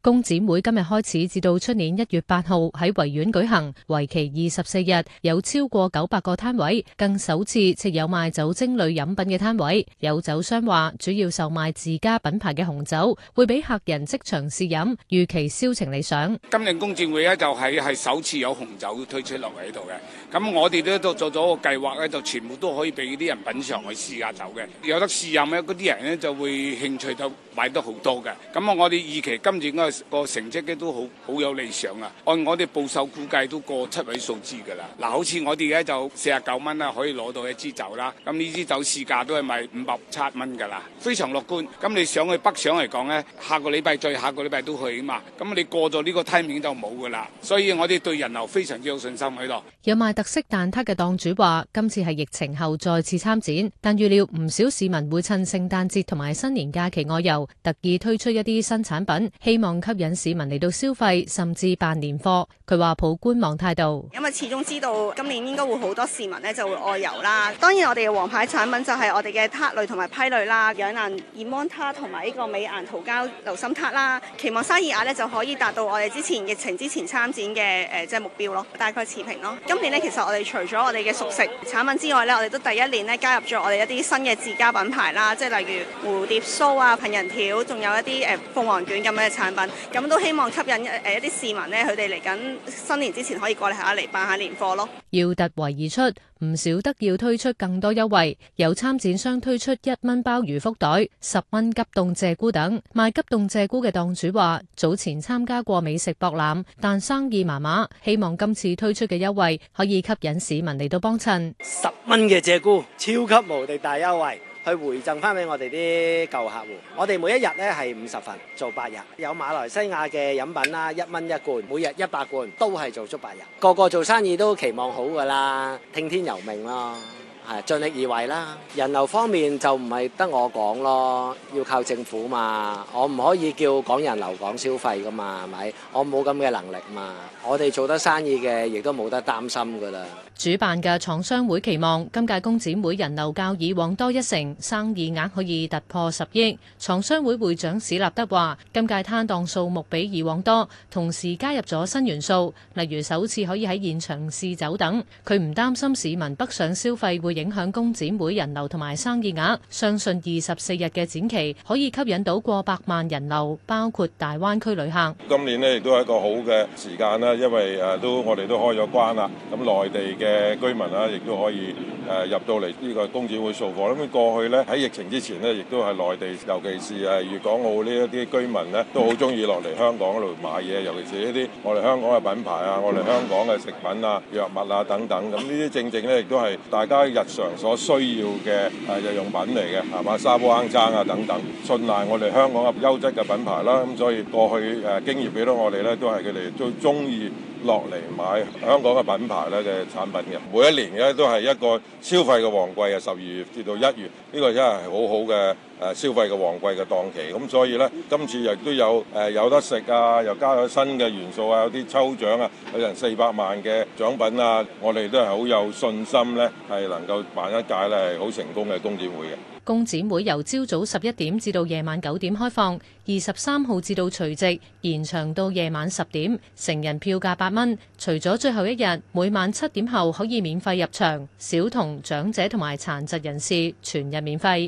工展會今日開始，至到出年一月八號喺維園舉行，為期二十四日，有超過九百個攤位，更首次設有賣酒精類飲品嘅攤位。有酒商話，主要售賣自家品牌嘅紅酒，會俾客人即場試飲，預期銷情理想。今年工展會呢就係係首次有紅酒推出落嚟喺度嘅，咁我哋呢都做咗個計劃呢，就全部都可以俾啲人品嘗去試下酒嘅，有得試飲呢，嗰啲人呢就會興趣就買得好多嘅。咁啊，我哋預期今年嘅。個成績嘅都好好有理想啊！按我哋保守估計，都過七位數字噶啦。嗱，好似我哋而家就四十九蚊啦，可以攞到一支酒啦。咁呢支酒市價都係賣五百七蚊噶啦，非常樂觀。咁你上去北上嚟講咧，下個禮拜再，下個禮拜都去啊嘛。咁你過咗呢個 timing 就冇噶啦。所以我哋對人流非常之有信心喺度。有賣特色蛋撻嘅檔主話：今次係疫情後再次參展，但預料唔少市民會趁聖誕節同埋新年假期外遊，特意推出一啲新產品，希望吸引市民嚟到消費，甚至辦年貨。佢話抱觀望態度，因為始終知道今年應該會好多市民呢就會外遊啦。當然，我哋嘅王牌產品就係我哋嘅撻類同埋批類啦，養眼「染芒撻同埋呢個美顏桃膠流心撻啦。期望生意額呢就可以達到我哋之前疫情之前參展嘅誒即係目標咯，大概持平咯。今年呢其實我哋除咗我哋嘅熟食產品之外呢，我哋都第一年呢加入咗我哋一啲新嘅自家品牌啦，即係例如蝴蝶酥啊、杏仁條，仲有一啲誒鳳凰卷咁樣嘅產品。咁都希望吸引誒一啲市民呢，佢哋嚟緊新年之前可以過嚟下嚟辦下年貨咯。要突圍而出，唔少得要推出更多優惠。有參展商推出一蚊鮑魚福袋、十蚊急凍謝菇等。賣急凍謝菇嘅檔主話：早前參加過美食博覽，但生意麻麻，希望今次推出嘅優惠可以吸引市民嚟到幫襯。十蚊嘅謝菇，超級無敵大優惠。去回贈翻俾我哋啲舊客戶，我哋每一日咧係五十份，做八日，有馬來西亞嘅飲品啦，一蚊一罐，每日一百罐，都係做足八日。個個做生意都期望好㗎喇，聽天由命咯。係盡力而為啦！人流方面就唔係得我講咯，要靠政府嘛。我唔可以叫港人留港消費噶嘛，係咪？我冇咁嘅能力嘛。我哋做得生意嘅亦都冇得擔心噶啦。主辦嘅廠商會期望今屆工展會人流較以往多一成，生意額可以突破十億。廠商會會長史立德話：今屆攤檔數目比以往多，同時加入咗新元素，例如首次可以喺現場試酒等。佢唔擔心市民北上消費會影響工展會人流同埋生意額，相信二十四日嘅展期可以吸引到過百萬人流，包括大灣區旅客。今年呢亦都係一個好嘅時間啦，因為誒都我哋都開咗關啦，咁內地嘅居民啦亦都可以。誒入到嚟呢，這個工展會掃貨，咁過去呢喺疫情之前呢，亦都係內地，尤其是係粵港澳呢一啲居民呢，都好中意落嚟香港度買嘢，尤其是一啲我哋香港嘅品牌啊，我哋香港嘅食品啊、藥物啊等等，咁呢啲正正呢，亦都係大家日常所需要嘅日用品嚟嘅，係嘛？沙煲罌罉啊等等，信賴我哋香港嘅優質嘅品牌啦，咁所以過去誒經驗畀到我哋呢，都係佢哋最中意。落嚟買香港嘅品牌咧嘅產品嘅，每一年咧都係一個消費嘅旺季啊！十二月至到一月呢、這個真係好好嘅誒消費嘅旺季嘅檔期，咁所以呢，今次亦都有誒、呃、有得食啊，又加咗新嘅元素啊，有啲抽獎啊，有成四百萬嘅獎品啊，我哋都係好有信心呢，係能夠辦一屆咧係好成功嘅工展會嘅。工展會由朝早十一點至到夜晚九點開放，二十三號至到除夕延長到夜晚十點。成人票價八蚊，除咗最後一日每晚七點後可以免費入場，小童、長者同埋殘疾人士全日免費。